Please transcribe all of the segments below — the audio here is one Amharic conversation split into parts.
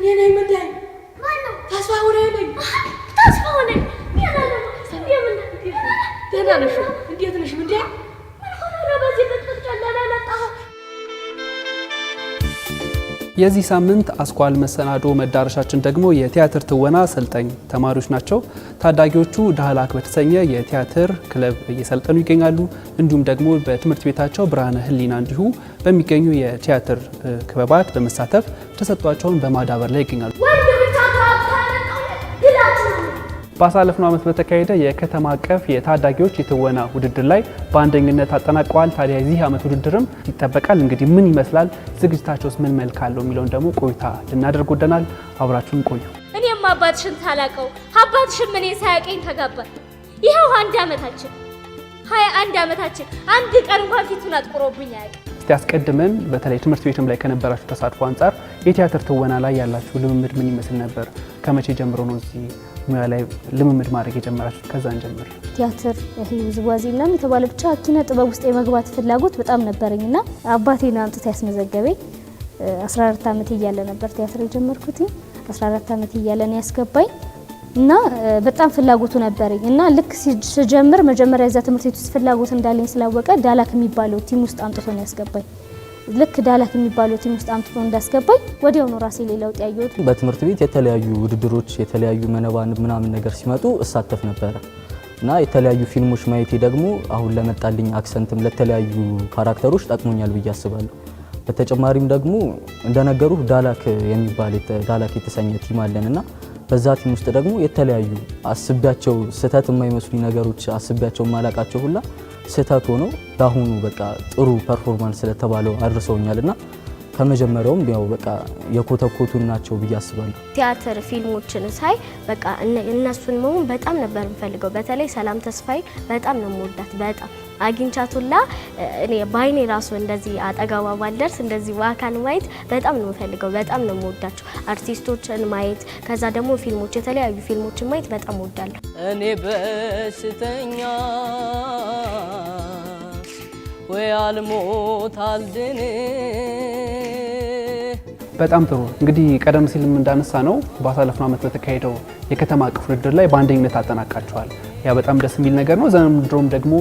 እኔ ነኝ። ምን ላይ ማነው? ተስፋ ሆነ ነኝ። ተስፋ ሆነ ደህና ነሽ? እንዴት ነሽ? እንዴት የዚህ ሳምንት አስኳል መሰናዶ መዳረሻችን ደግሞ የቲያትር ትወና ሰልጣኝ ተማሪዎች ናቸው። ታዳጊዎቹ ዳህላክ በተሰኘ የቲያትር ክለብ እየሰለጠኑ ይገኛሉ። እንዲሁም ደግሞ በትምህርት ቤታቸው ብርሃነ ሕሊና እንዲሁ በሚገኙ የቲያትር ክበባት በመሳተፍ ተሰጧቸውን በማዳበር ላይ ይገኛሉ። ባሳለፍነው ዓመት በተካሄደ የከተማ አቀፍ የታዳጊዎች የትወና ውድድር ላይ በአንደኝነት አጠናቀዋል። ታዲያ የዚህ ዓመት ውድድርም ይጠበቃል። እንግዲህ ምን ይመስላል፣ ዝግጅታቸውስ ምን መልክ አለው የሚለውን ደግሞ ቆይታ ልናደርግ ወደናል። አብራችሁን ቆዩ። እኔም አባትሽን ታላቀው አባትሽም እኔ ሳያቀኝ ተጋባ። ይኸው አንድ ዓመታችን ሀያ አንድ ዓመታችን አንድ ቀን እንኳን ፊቱን አጥቁሮብኝ አያውቅም። ያስቀድመን በተለይ ትምህርት ቤትም ላይ ከነበራችሁ ተሳትፎ አንጻር የቲያትር ትወና ላይ ያላችሁ ልምምድ ምን ይመስል ነበር? ከመቼ ጀምሮ ነው እዚህ ሙያ ላይ ልምምድ ማድረግ የጀመራችሁ? ከዛን ጀምር? ቲያትር፣ ውዝዋዜ ምናምን የተባለ ብቻ ኪነ ጥበብ ውስጥ የመግባት ፍላጎት በጣም ነበረኝ እና አባቴን አምጥታ ያስመዘገበኝ 14 ዓመት እያለ ነበር ቲያትር የጀመርኩት። 14 ዓመት እያለ ነው ያስገባኝ እና በጣም ፍላጎቱ ነበረኝ እና ልክ ስጀምር መጀመሪያ እዛ ትምህርት ቤት ውስጥ ፍላጎት እንዳለኝ ስላወቀ ዳላክ የሚባለው ቲም ውስጥ አምጥቶ ነው ያስገባኝ። ልክ ዳላት የሚባለው ቲም ውስጥ አምጥቶ እንዳስገባኝ ወዲያውኑ ራሴ ላይ ለውጥ ያየሁት። በትምህርት ቤት የተለያዩ ውድድሮች፣ የተለያዩ መነባንብ ምናምን ነገር ሲመጡ እሳተፍ ነበረ እና የተለያዩ ፊልሞች ማየቴ ደግሞ አሁን ለመጣልኝ አክሰንትም ለተለያዩ ካራክተሮች ጠቅሞኛል ብዬ አስባለሁ። በተጨማሪም ደግሞ እንደነገሩ ዳላክ የሚባል ዳላክ የተሰኘ ቲም አለን እና በዛ ቲም ውስጥ ደግሞ የተለያዩ አስቢያቸው ስህተት የማይመስሉ ነገሮች አስቢያቸው ማላቃቸው ሁላ ስህተት ሆኖ ለአሁኑ በቃ ጥሩ ፐርፎርማንስ ስለተባለው አድርሰውኛል እና ከመጀመሪያውም ያው በቃ የኮተኮቱን ናቸው ብዬ አስባለሁ። ቲያትር ፊልሞችን ሳይ በቃ እነሱን መሆን በጣም ነበር የምፈልገው። በተለይ ሰላም ተስፋዬ በጣም ነው የምወዳት። በጣም አግኝቻቱላ እኔ ባይኔ ራሱ እንደዚህ አጠገባ ባልደርስ እንደዚህ በአካል ማየት በጣም ነው የምፈልገው። በጣም ነው የምወዳቸው አርቲስቶችን ማየት፣ ከዛ ደግሞ ፊልሞች፣ የተለያዩ ፊልሞችን ማየት በጣም እወዳለሁ። እኔ በስተኛ ወይ አልሞት አልድን በጣም ጥሩ እንግዲህ ቀደም ሲልም እንዳነሳ ነው ባሳለፍነው ዓመት በተካሄደው የከተማ አቀፍ ውድድር ላይ በአንደኝነት አጠናቃችኋል። ያ በጣም ደስ የሚል ነገር ነው። ዘንድሮም ደግሞ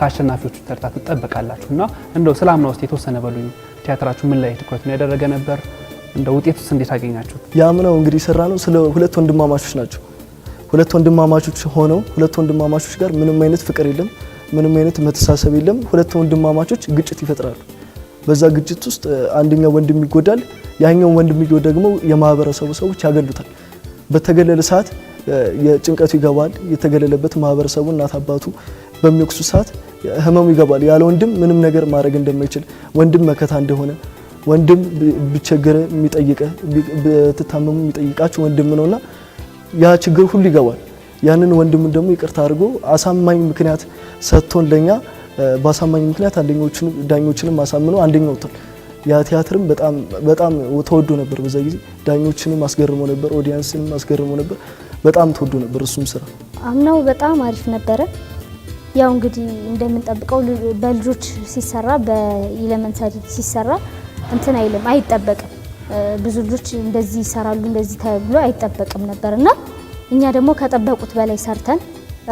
ከአሸናፊዎቹ ተርታ ትጠበቃላችሁ እና እንደው ስለ አምና ውስጥ የተወሰነ በሉኝ። ቲያትራችሁ ምን ላይ ነው ያደረገ ነበር? እንደ ውጤት ውስጥ እንዴት አገኛችሁ? የአምናው እንግዲህ የሰራ ነው ስለ ሁለት ወንድማማቾች ናቸው። ሁለት ወንድማማቾች ሆነው ሁለት ወንድማማቾች ጋር ምንም አይነት ፍቅር የለም፣ ምንም አይነት መተሳሰብ የለም። ሁለት ወንድማማቾች ግጭት ይፈጥራሉ። በዛ ግጭት ውስጥ አንደኛው ወንድም ይጎዳል፣ ያኛው ወንድምየው ደግሞ የማህበረሰቡ ሰዎች ያገሉታል። በተገለለ ሰዓት የጭንቀቱ ይገባል። የተገለለበት ማህበረሰቡ እናት አባቱ በሚወቅሱ ሰዓት ህመሙ ይገባል። ያለ ወንድም ምንም ነገር ማድረግ እንደማይችል ወንድም መከታ እንደሆነ ወንድም ቢቸገረ የሚጠይቀ ብትታመሙ የሚጠይቃችሁ ወንድም ነውና ያ ችግር ሁሉ ይገባል። ያንን ወንድሙን ደግሞ ይቅርታ አድርጎ አሳማኝ ምክንያት ሰጥቶን ለኛ በአሳማኝ ምክንያት አንደኞቹን ዳኞችንም አሳምኖ አንደኛውታል። ያ ቲያትርም በጣም ተወዶ ነበር። በዛ ጊዜ ዳኞችንም አስገርሞ ነበር፣ ኦዲያንስንም አስገርሞ ነበር። በጣም ተወዶ ነበር እሱም ስራ። አምናው በጣም አሪፍ ነበረ። ያው እንግዲህ እንደምንጠብቀው በልጆች ሲሰራ በኢለመንታሪ ሲሰራ እንትን አይልም አይጠበቅም። ብዙ ልጆች እንደዚህ ይሰራሉ እንደዚህ ተብሎ አይጠበቅም ነበር እና እኛ ደግሞ ከጠበቁት በላይ ሰርተን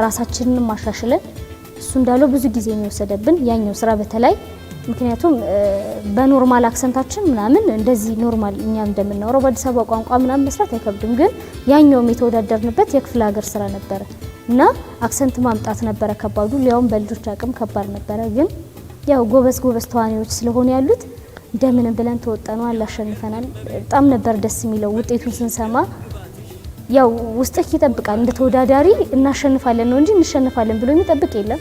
ራሳችንን ማሻሽለን እሱ እንዳለው ብዙ ጊዜ የሚወሰደብን ያኛው ስራ በተለይ ምክንያቱም በኖርማል አክሰንታችን ምናምን እንደዚህ ኖርማል እኛ እንደምናወረው በአዲስ አበባ ቋንቋ ምናምን መስራት አይከብድም። ግን ያኛውም የተወዳደርንበት የክፍለ ሀገር ስራ ነበረ እና አክሰንት ማምጣት ነበረ ከባዱ። ሊያውም በልጆች አቅም ከባድ ነበረ። ግን ያው ጎበዝ ጎበዝ ተዋናዮች ስለሆኑ ያሉት እንደምንም ብለን ተወጠነዋል፣ አሸንፈናል። በጣም ነበር ደስ የሚለው ውጤቱን ስንሰማ። ያው ውስጥህ ይጠብቃል እንደ ተወዳዳሪ እናሸንፋለን ነው እንጂ እንሸንፋለን ብሎ የሚጠብቅ የለም።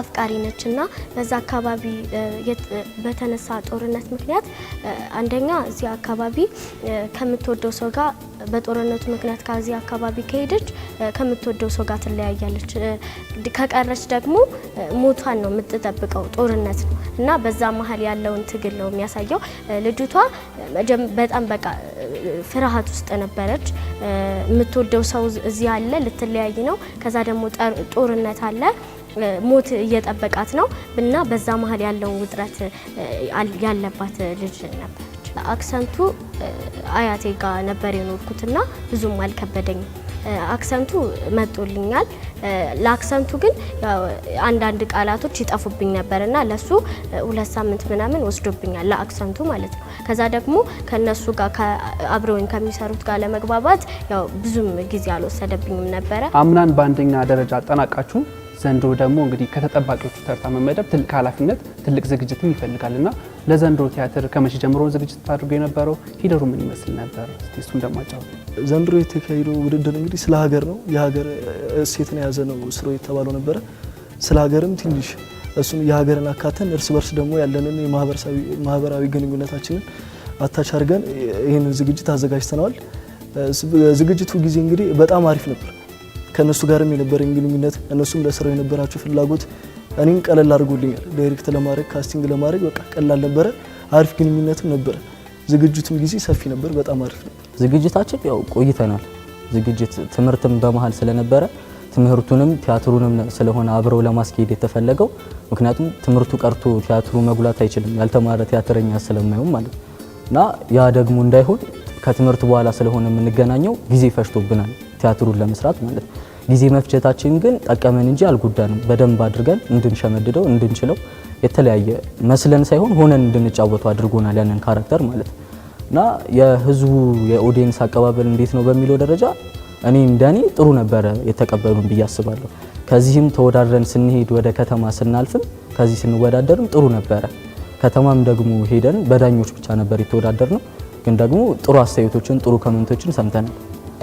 አፍቃሪ ነች እና በዛ አካባቢ በተነሳ ጦርነት ምክንያት አንደኛ እዚህ አካባቢ ከምትወደው ሰው ጋር በጦርነቱ ምክንያት ከዚህ አካባቢ ከሄደች ከምትወደው ሰው ጋር ትለያያለች። ከቀረች ደግሞ ሞቷን ነው የምትጠብቀው፣ ጦርነት ነው እና በዛ መሀል ያለውን ትግል ነው የሚያሳየው። ልጅቷ በጣም በቃ ፍርሃት ውስጥ ነበረች። የምትወደው ሰው እዚህ አለ፣ ልትለያይ ነው። ከዛ ደግሞ ጦርነት አለ ሞት እየጠበቃት ነው እና በዛ መሀል ያለው ውጥረት ያለባት ልጅ ነበር። አክሰንቱ አያቴ ጋር ነበር የኖርኩትና ብዙም አልከበደኝም። አክሰንቱ መጦልኛል። ለአክሰንቱ ግን አንዳንድ ቃላቶች ይጠፉብኝ ነበር እና ለሱ ሁለት ሳምንት ምናምን ወስዶብኛል፣ ለአክሰንቱ ማለት ነው። ከዛ ደግሞ ከነሱ ጋር አብረውኝ ከሚሰሩት ጋር ለመግባባት ያው ብዙም ጊዜ አልወሰደብኝም ነበረ። አምናን በአንደኛ ደረጃ አጠናቃችሁ ዘንድሮ ደግሞ እንግዲህ ከተጠባቂዎቹ ተርታ መመደብ ትልቅ ኃላፊነት ትልቅ ዝግጅትም ይፈልጋል እና ለዘንድሮ ቲያትር ከመቼ ጀምሮ ዝግጅት አድርጎ የነበረው ሂደሩ ምን ይመስል ነበር? እስቲ እሱን ደግሞ ዘንድሮ የተካሄደው ውድድር እንግዲህ ስለ ሀገር ነው፣ የሀገር እሴትን የያዘ ነው ስሮ የተባለው ነበረ። ስለ ሀገርም ትንሽ እሱን የሀገርን አካተን እርስ በርስ ደግሞ ያለንን ማህበራዊ ግንኙነታችንን አታች አድርገን ይህንን ዝግጅት አዘጋጅተነዋል። ዝግጅቱ ጊዜ እንግዲህ በጣም አሪፍ ነበር። ከእነሱ ጋርም የነበረኝ ግንኙነት እነሱም ለስራው የነበራቸው ፍላጎት እኔም ቀለል አድርጎልኛል። ዳይሬክት ለማድረግ ካስቲንግ ለማድረግ በቃ ቀላል ነበረ። አሪፍ ግንኙነትም ነበረ። ዝግጅቱም ጊዜ ሰፊ ነበር። በጣም አሪፍ ነበር ዝግጅታችን። ያው ቆይተናል ዝግጅት ትምህርትም በመሀል ስለነበረ ትምህርቱንም ቲያትሩንም ስለሆነ አብረው ለማስኬድ የተፈለገው ምክንያቱም ትምህርቱ ቀርቶ ቲያትሩ መጉላት አይችልም ያልተማረ ቲያትረኛ ስለማይሆን ማለት እና ያ ደግሞ እንዳይሆን ከትምህርት በኋላ ስለሆነ የምንገናኘው ጊዜ ፈሽቶብናል። ቲያትሩን ለመስራት ማለት ነው። ጊዜ መፍጀታችን ግን ጠቀመን እንጂ አልጎዳንም። በደንብ አድርገን እንድንሸመድደው እንድንችለው የተለያየ መስለን ሳይሆን ሆነን እንድንጫወተው አድርጎናል ያንን ካራክተር ማለት ነው። እና የህዝቡ የኦዲየንስ አቀባበል እንዴት ነው በሚለው ደረጃ እኔ እንደኔ ጥሩ ነበረ የተቀበሉን ብዬ አስባለሁ። ከዚህም ተወዳድረን ስንሄድ ወደ ከተማ ስናልፍም ከዚህ ስንወዳደርም ጥሩ ነበረ። ከተማም ደግሞ ሄደን በዳኞች ብቻ ነበር የተወዳደር ነው፣ ግን ደግሞ ጥሩ አስተያየቶችን ጥሩ ኮመንቶችን ሰምተናል።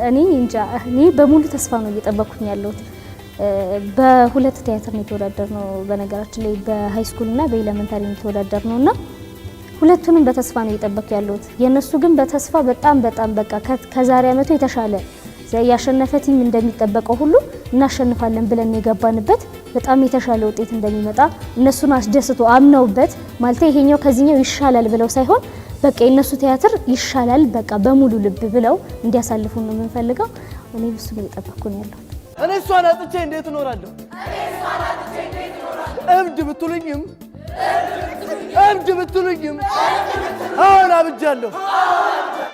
እኔ እንጃ እኔ በሙሉ ተስፋ ነው እየጠበኩኝ ያለሁት። በሁለት ቲያትር ነው የተወዳደር ነው በነገራችን ላይ በሃይስኩልና በኤሌመንታሪ ነው የተወዳደር ነው እና ሁለቱንም በተስፋ ነው እየጠበኩ ያለሁት። የእነሱ ግን በተስፋ በጣም በጣም በቃ ከዛሬ አመቱ የተሻለ ያሸነፈ ቲም እንደሚጠበቀው ሁሉ እናሸንፋለን ብለን የገባንበት በጣም የተሻለ ውጤት እንደሚመጣ እነሱን አስደስቶ አምነውበት ማለት ይሄኛው ከዚህኛው ይሻላል ብለው ሳይሆን በቃ የእነሱ ቲያትር ይሻላል፣ በቃ በሙሉ ልብ ብለው እንዲያሳልፉ ነው የምንፈልገው። እኔ እሱን እየጠበቅኩ ነው ያለሁት። እኔ እሷን አጥቼ እንዴት እኖራለሁ? እብድ ብትሉኝም እብድ ብትሉኝም አሁን አብጃለሁ።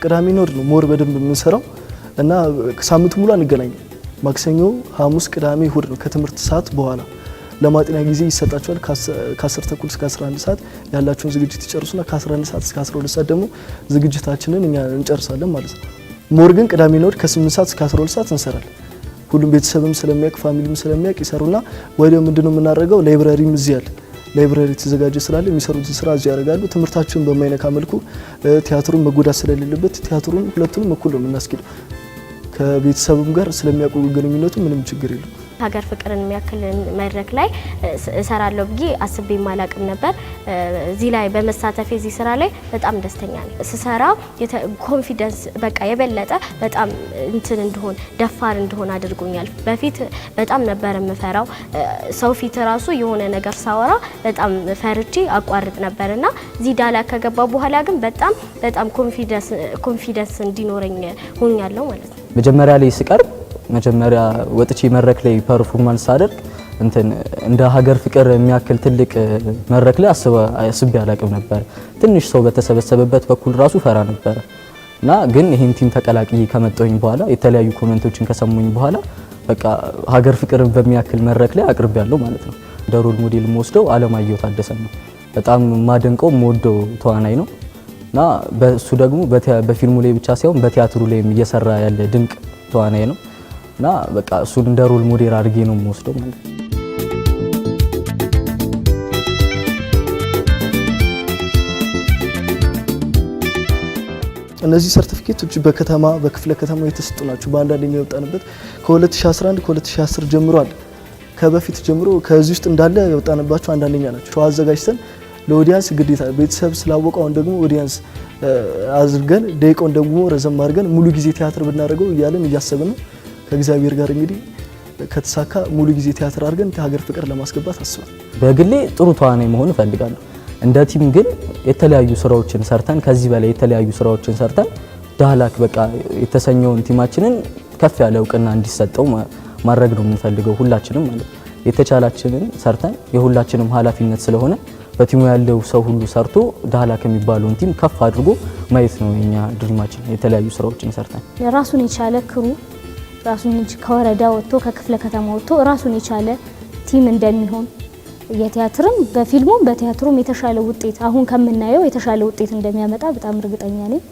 ቅዳሜ ኖር ነው ሞር በደንብ የምንሰራው እና ሳምንት ሙሉ አንገናኝ። ማክሰኞ፣ ሐሙስ፣ ቅዳሜ፣ እሁድ ነው ከትምህርት ሰዓት በኋላ ለማጥኛ ጊዜ ይሰጣቸዋል። ከ10 ተኩል እስከ 11 ሰዓት ያላቸውን ዝግጅት ይጨርሱና ከ11 ሰዓት እስከ 12 ሰዓት ደግሞ ዝግጅታችንን እኛ እንጨርሳለን ማለት ነው። ሞር ግን ቅዳሜና እሁድ ከ8 ሰዓት እስከ 12 ሰዓት እንሰራለን። ሁሉም ቤተሰብም ስለሚያውቅ ፋሚሊም ስለሚያውቅ ይሰሩና ወዲያው ምንድነው የምናደርገው? ላይብራሪም እዚህ አለ ላይብራሪ የተዘጋጀ ስላለ የሚሰሩትን ስራ እዚህ ያደርጋሉ። ትምህርታቸውን በማይነካ መልኩ ቲያትሩን መጎዳት ስለሌለበት ቲያትሩን ሁለቱንም እኩል ነው የምናስኬደው። ከቤተሰብም ጋር ስለሚያውቁ ግንኙነቱ ምንም ችግር የለም። ሀገር ፍቅርን የሚያክል መድረክ ላይ እሰራለሁ ብዬ አስቤ ማላቅም ነበር። እዚህ ላይ በመሳተፍ የዚህ ስራ ላይ በጣም ደስተኛ ነኝ። ስሰራ ኮንፊደንስ በቃ የበለጠ በጣም እንትን እንድሆን ደፋር እንድሆን አድርጎኛል። በፊት በጣም ነበር የምፈራው ሰው ፊት ራሱ የሆነ ነገር ሳወራ በጣም ፈርቼ አቋርጥ ነበር እና እዚህ ዳላ ከገባ በኋላ ግን በጣም በጣም ኮንፊደንስ እንዲኖረኝ ሆኛለሁ ማለት ነው። መጀመሪያ ላይ ስቀርብ መጀመሪያ ወጥቼ መድረክ ላይ ፐርፎርማንስ ሳደርግ እንትን እንደ ሀገር ፍቅር የሚያክል ትልቅ መድረክ ላይ አስቤ አላቅም ነበር። ትንሽ ሰው በተሰበሰበበት በኩል ራሱ ፈራ ነበር። እና ግን ይህን ቲም ተቀላቅዬ ከመጣሁኝ በኋላ የተለያዩ ኮመንቶችን ከሰሙኝ በኋላ በቃ ሀገር ፍቅር በሚያክል መድረክ ላይ አቅርብ ያለው ማለት ነው። እንደ ሮል ሞዴል የምወስደው አለማየሁ ታደሰ ነው። በጣም ማደንቀው የምወደው ተዋናይ ነው እና በሱ ደግሞ በፊልሙ ላይ ብቻ ሳይሆን በቲያትሩ ላይም እየሰራ ያለ ድንቅ ተዋናይ ነው። እና በቃ እሱን እንደ ሮል ሞዴል አድርጌ ነው የምወስደው ማለት ነው። እነዚህ ሰርቲፊኬቶች በከተማ በክፍለ ከተማ የተሰጡ ናቸው። በአንዳንድ የሚወጣንበት ከ2011 ከ2010 ጀምሯል። ከበፊት ጀምሮ ከዚህ ውስጥ እንዳለ የወጣንባቸው አንዳንደኛ ናቸው። አዘጋጅተን ለኦዲያንስ ግዴታ ቤተሰብ ስላወቀው አሁን ደግሞ ኦዲያንስ አድርገን ደቂቃውን ደግሞ ረዘም አድርገን ሙሉ ጊዜ ቲያትር ብናደርገው እያለን እያሰብን ነው። ከእግዚአብሔር ጋር እንግዲህ ከተሳካ ሙሉ ጊዜ ቲያትር አድርገን ከሀገር ፍቅር ለማስገባት አስባል። በግሌ ጥሩ ተዋናይ መሆን እፈልጋለሁ። እንደ ቲም ግን የተለያዩ ስራዎችን ሰርተን ከዚህ በላይ የተለያዩ ስራዎችን ሰርተን ዳህላክ በቃ የተሰኘውን ቲማችንን ከፍ ያለ እውቅና እንዲሰጠው ማድረግ ነው የምንፈልገው ሁላችንም ማለት የተቻላችንን ሰርተን የሁላችንም ኃላፊነት ስለሆነ በቲሙ ያለው ሰው ሁሉ ሰርቶ ዳህላክ የሚባለውን ቲም ከፍ አድርጎ ማየት ነው የኛ ድሪማችን። የተለያዩ ስራዎችን ሰርተን ራሱን የቻለ ክሩ ራሱን ከወረዳ ወጥቶ ከክፍለ ከተማ ወጥቶ ራሱን የቻለ ቲም እንደሚሆን የቲያትርም በፊልሙም በቲያትሩም የተሻለ ውጤት አሁን ከምናየው የተሻለ ውጤት እንደሚያመጣ በጣም እርግጠኛ ነኝ።